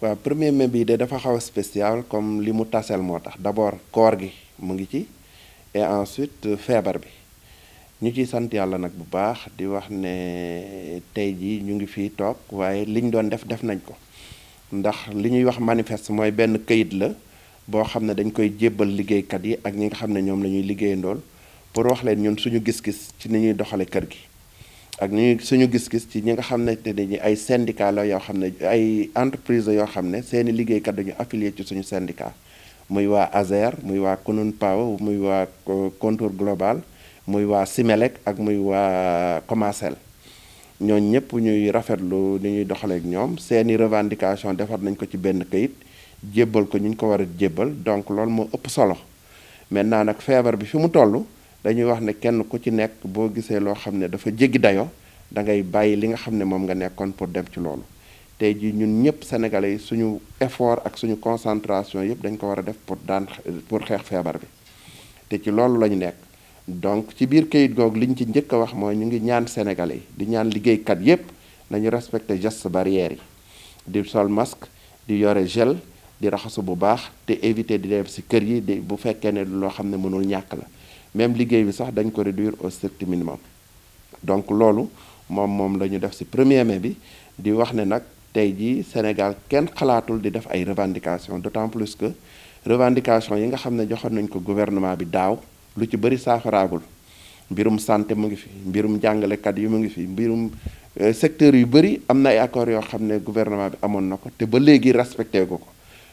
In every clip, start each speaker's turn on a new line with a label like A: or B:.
A: waaw premier mai bii de dafa xaw a comme li mu taseel moo tax d'abord koor gi mu ngi ci et ensuite euh, feebar bi ñu ciy sant yàlla nag bu baax di wax ne tey jii ñu ngi fii toog waaye li ñu doon def def nañ ko ndax li ñuy wax manifeste mooy benn kayit la boo xam ne dañ koy jébbal liggéeykat yi ak ñi nga xam ne ñoom la ñuy liggéeyandool pour wax leen ñun suñu gis-gis ci ni ñuy doxale kër gi ak ñu suñu gis-gis ci ñi nga xam ne te ni ay syndicat la yoo xam ne ay entreprise yoo xam ne seeni liggéeykat dañu affilié ci suñu syndicat muy waa ASER muy waa Kunun Power muy waa euh, Contour Global muy waa Simelec ak muy waa Comasel ñooñ ñëpp ñuy rafetlu ni ñuy doxaleek ñoom seeni revendication defar nañ ko ci benn kayit jébbal ko ñu ñu ko war a jébbal donc loolu moo ëpp solo maintenant nag feebar bi fi mu toll dañuy wax ne kenn ku ci nekk boo gisee loo xam ne dafa jéggi dayo da ngay bàyyi li nga xam ne moom nga nekkoon pour dem ci loolu tey jii ñun ñëpp sénégalais yi suñu effort ak suñu concentration yëpp dañ ko war a def pour daan pour xeex feebar bi te ci loolu la ñu nekk donc ci biir kayit googu liñ ci njëkk a wax mooy ñu ngi ñaan sénégalais yi di ñaan liggéeykat yëpp nañu respecté gestes barrières yi di sol masque di yore gel di raxasu bu baax te éviter di d si kër yi di bu fekkee ne loo xam ne mënul ñàkk la même liggéey bi sax dañ ko réduire au strict minimum donc loolu moom moom lañu def si premier mais bi di wax ne nag tey ji Sénégal kenn xalaatul di def ay revendications d'autant plus que revendication yi nga xam ne joxoon nañ ko gouvernement bi daaw lu ci bëri saafaraagul mbirum santé mu ngi fi mbirum jàngalekat yi mu ngi fi mbirum euh, secteur yu bëri am na ay accords yoo xam ne gouvernement bi amoon na ko te ba léegi respecté gu ko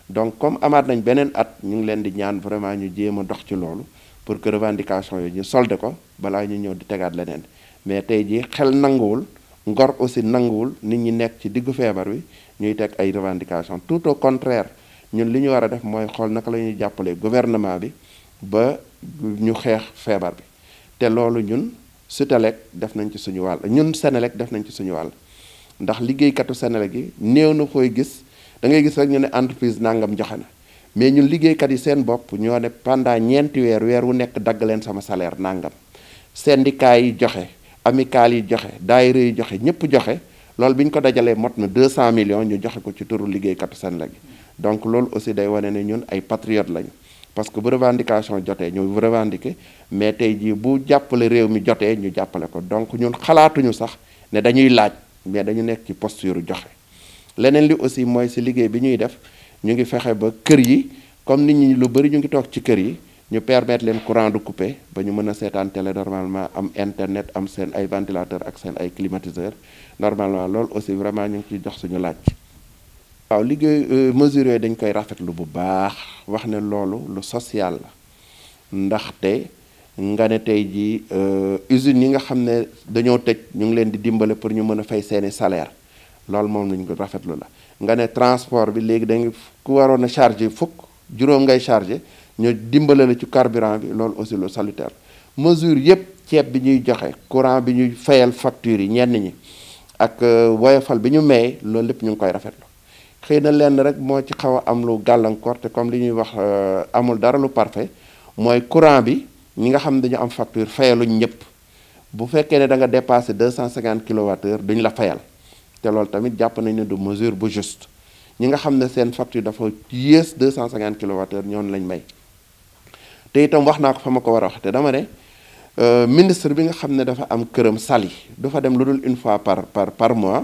A: donc comme amaat nañ beneen at ñu ngi leen di ñaan vraiment ñu jéem a dox ci loolu pour que revendication yooyu ñu solde ko balaa ñu ñëw di tegaat leneen mais tey jii xel nanguwul ngor aussi nanguwul nit ñi nekk ci diggu feebar wi ñuy teg ay revendication tout au contraire ñun li ñu war a def mooy xool naka la ñuy jàppale gouvernement bi ba ñu xeex feebar bi te loolu ñun Sutelec def nañ ci suñu wàll ñun Senelec def nañ ci suñu wàll ndax liggéeykatu Senelec yi néew na koy gis da gis rek ñu ne entreprise nangam joxe na mais ñun liggéeykat yi seen bopp ñoo ne pendant ñeenti weer weer wu nekk dagg leen sama salaire nangam syndicat yi joxe amical yi joxe daayira yi joxe ñëpp joxe loolu bi ñu ko dajalee mot na 200 millions ñu joxe ko ci turu liggéeykatu Senelec gi donc loolu aussi day wane ne ñun ay patriotes lañu parce que bu revendication jotee ñu revendiquer mais tey jii bu jàppale réew mi jotee ñu jàppale ko donc ñun xalaatuñu sax ne dañuy laaj mais dañu nekk ci posture joxe leneen li aussi mooy si liggéey bi ñuy def. ñu ngi fexe ba kër yi comme nit ñi lu bëri ñu ngi toog ci kër yi ñu permettre leen courant de coupé ba ñu mëna a seetaan télé normalement am internet am seen ay ventilateur ak seen ay climatiseur normalement loolu aussi vraiment ñu ngi ciy jox suñu laaj. waaw liggéey euh, mesures yooyu dañ koy rafetlu bu baax wax ne loolu lu social la ndaxte nga ne tey jii euh, usines yi nga xam ne dañoo tëj ñu ngi leen di dimbale pour ñu mën a fay seeni salaire loolu moom lañ ko rafetlu la nga ne transport bi léegi da nga ku waroon a chargé fukk juróom ngay chargé ñu dimbale la ci carburant bi loolu aussi lu salutaire mesure yëpp ceeb bi ñuy joxe courant bi ñuy fayal factures yi ñenn ñi ak euh, woyofal bi ñu may loolu lépp ñu ngi koy rafetlu xëy na lenn rek moo ci xaw a am lu gàllankoor te comme li ñuy wax euh, amul dara lu parfe mooy courant bi ñi nga xam ne dañu am facture fayaluñ ñëpp bu fekkee ne da nga dépassé 250 kilowattheure duñ la fayal te loolu tamit jàpp nañ ne du mesure bu juste ñi nga xam ne seen facture dafa yées cinquante kilowattheures ñoon lañ may te itam wax naa ko fa ma ko war a wax te dama ne euh, ministre bi nga xam ne dafa am këram sali du fa dem lu dul une fois par par par mois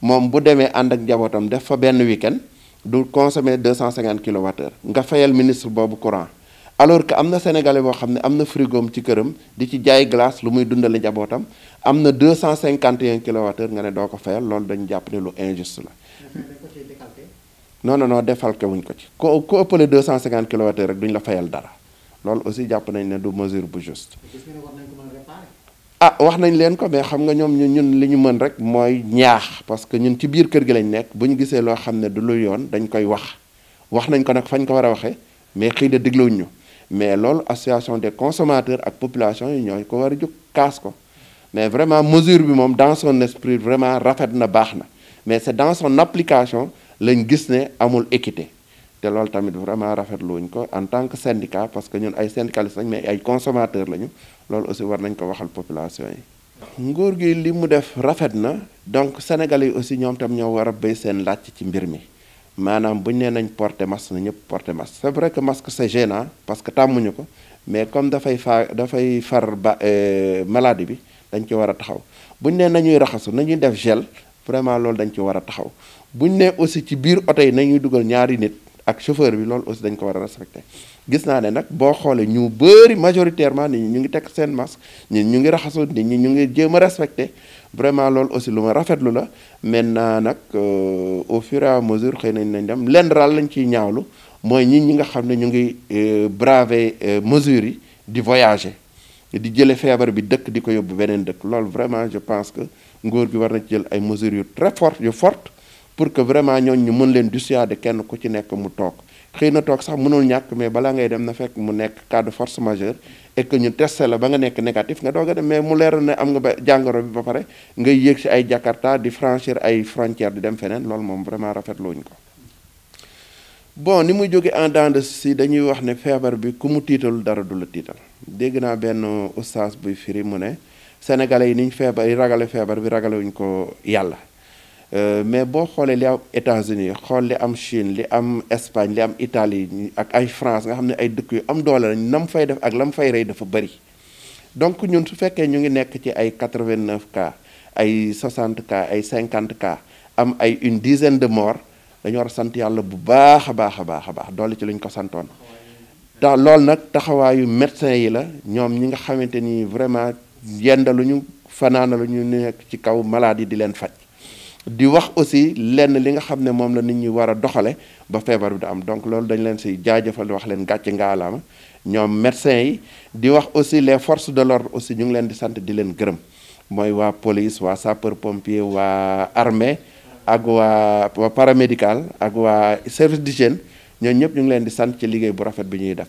A: moom bu demee ànd ak njabootam def fa benn week-end du cent 250 kilowattheures nga fayal ministre boobu courant. alors que am na sénégalais boo xam ne am na frigoom ci këram di ci jaay glace lu muy dundale jabootam am na 251 kilowattheure nga ne doo ko fayal loolu dañ jàpp ne lu injuste la. non non non défalqué wuñ ko ci ko ko ëppale 250 kilowattheure rek duñ la fayal dara loolu aussi jàpp nañ ne du mesure bu juste. ah wax nañ leen ko mais xam nga ñoom ñu ñun li ñu mën rek mooy ñaax parce que ñun ci biir kër gi lañ nekk bu ñu gisee loo xam ne du lu yoon dañ koy wax wax nañ ko nag fañ ko war a waxee mais xëy na dégluwuñ ñu. mais loolu association des consommateurs ak population yi ñooy ko war a jóg kaas ko mais vraiment mesure bi moom dans son esprit vraiment rafet na baax na mais c'est dans son application lañ gis ne amul équité te loolu tamit vraiment rafetlu wuñ ko en tant que syndicat parce que ñun ay syndicalistes lañ mais ay consommateurs lañu loolu aussi war nañ ko waxal population yi. nguur gi li mu def rafet na donc sénégal yi aussi ñoom tam ñoo war a béy seen làcc ci mbir mi. maanaam buñ ñu nee nañ porter masque na ñëpp porté masque c'est vrai que masque c'est gênant parce que tàmmuñu ko mais comme dafay faa dafay far ba euh, maladie bi dañ ci war a taxaw bu ñu nee nañuy raxasu nañuy def gel vraiment loolu dañ ci war a taxaw bu ñu nee aussi ci biir oto yi nañuy dugal ñaari nit ak chauffeur bi loolu aussi dañ ko war a respecté gis naa ne nag boo xoolee ñu bëri majoritairement nit ñi ñu ngi tekk seen masque nit ñu ngi raxasu nit ñi ñu ngi jéem a respecté vraiment loolu aussi lu ma rafetlu la maintenant nag euh, au fur et à mesure xëy nañ nañ dem lenn lañ ciy ñaawlu mooy ñi ñi nga xam ne ñu ngi euh, braver euh, mesures yi di voyager di jële feebar bi dëkk di ko yóbbu beneen dëkk loolu vraiment je pense que nguur gi war na jël ay mesures yu très fortes yu fort pour que vraiment ñooñ ñu mën leen dissuader kenn ku ci nekk mu toog xëy na toog sax mënul ñàkk mais balaa ngay dem na fekk mu nekk cas de force majeure et que ñu testé la ba nga nekk négatif nga doog a dem mais mu leer ne am nga ba jàngoro bi ba pare ngay yéeg si ay Jakarta di franchir ay frontières di dem feneen loolu moom vraiment rafetluwuñ ko bon ni muy jóge en dents si dañuy wax ne feebar bi ku mu tiitalul dara du la tiital dégg naa benn ustaas buy firi mu ne sénégalais yi niñ feebar yi ragale feebar bi ragalewuñ ko yàlla Euh, mais boo xoolee li am États-Unis xool li am Chine li am Espagne li am Italie ak ay France nga xam ne ay dëkk yu am doole lañ nam fay def ak la mu fay rey dafa bëri donc ñun su fekkee ñu ngi nekk ci ay 89 cas ay 60 cas ay 50 cas am ay une dizaine de morts dañu war a sant yàlla bu baax a baax a baax a baax doole ci luñ ko santoon. ta loolu nag taxawaayu médecin yi la ñoom ñi nga xamante ni vraiment yendaluñu fanaana lu ñu nekk ci kaw maladie di leen faj. di wax aussi lenn li nga xam ne moom la nit ñi war a doxale ba feebar bi du am donc loolu dañu leen si jaajëfal wax leen gàcce ngaalaam ñoom médecin yi di wax aussi les forces de l'ordre aussi ñu ngi leen di sant di leen gërëm mooy waa police waa sapeur pompier waa armée ak waa waa paramédical ak waa service d'hygiène ñooñu ñëpp ñu ngi leen di sant ci liggéey bu rafet bi ñuy def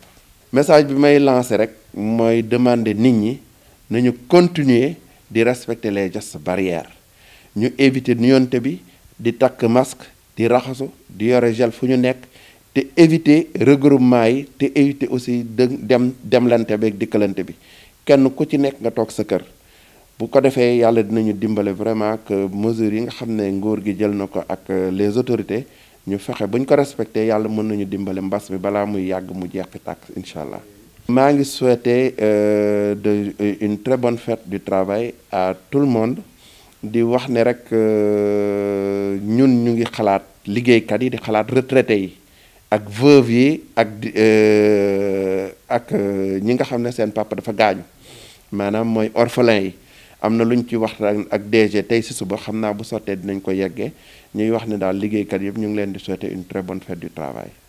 A: message bi may lancer rek mooy demande nit ñi nañu continuer di respecter les gestes barrières ñu éviter nuyonte bi di takk masque di raxasu di yore gel fu ñu nekk te éviter regroupement yi te éviter aussi dem demlante bi ak dikkalante bi kenn ku ci nekk nga toog sa kër bu ko defee yàlla dinañu dimbale vraiment que euh, mesures yi nga xam ne nguur gi jël na ko ak euh, les autorités ñu fexe bu ko respecté yàlla mën nañu dimbale mbas mi balaa muy yàgg mu jeex fi tàkk incha allah. maa ngi souhaiter euh, de une très bone fait du travail à tout le monde. di wax ne rek euh, ñun ñu ngi xalaat liggéeykat yi di xalaat retraité yi ak veuve yi ak euh, ak euh, ñi nga xam ne seen papa dafa gaañu maanaam mooy orphelin yi am na lu ñu ci wax ak DG tey si suba xam naa bu sottee dinañ ko yeggee ñuy wax ne daal liggéeykat yëpp ñu ngi leen di souhaiter une très bonne fête du travail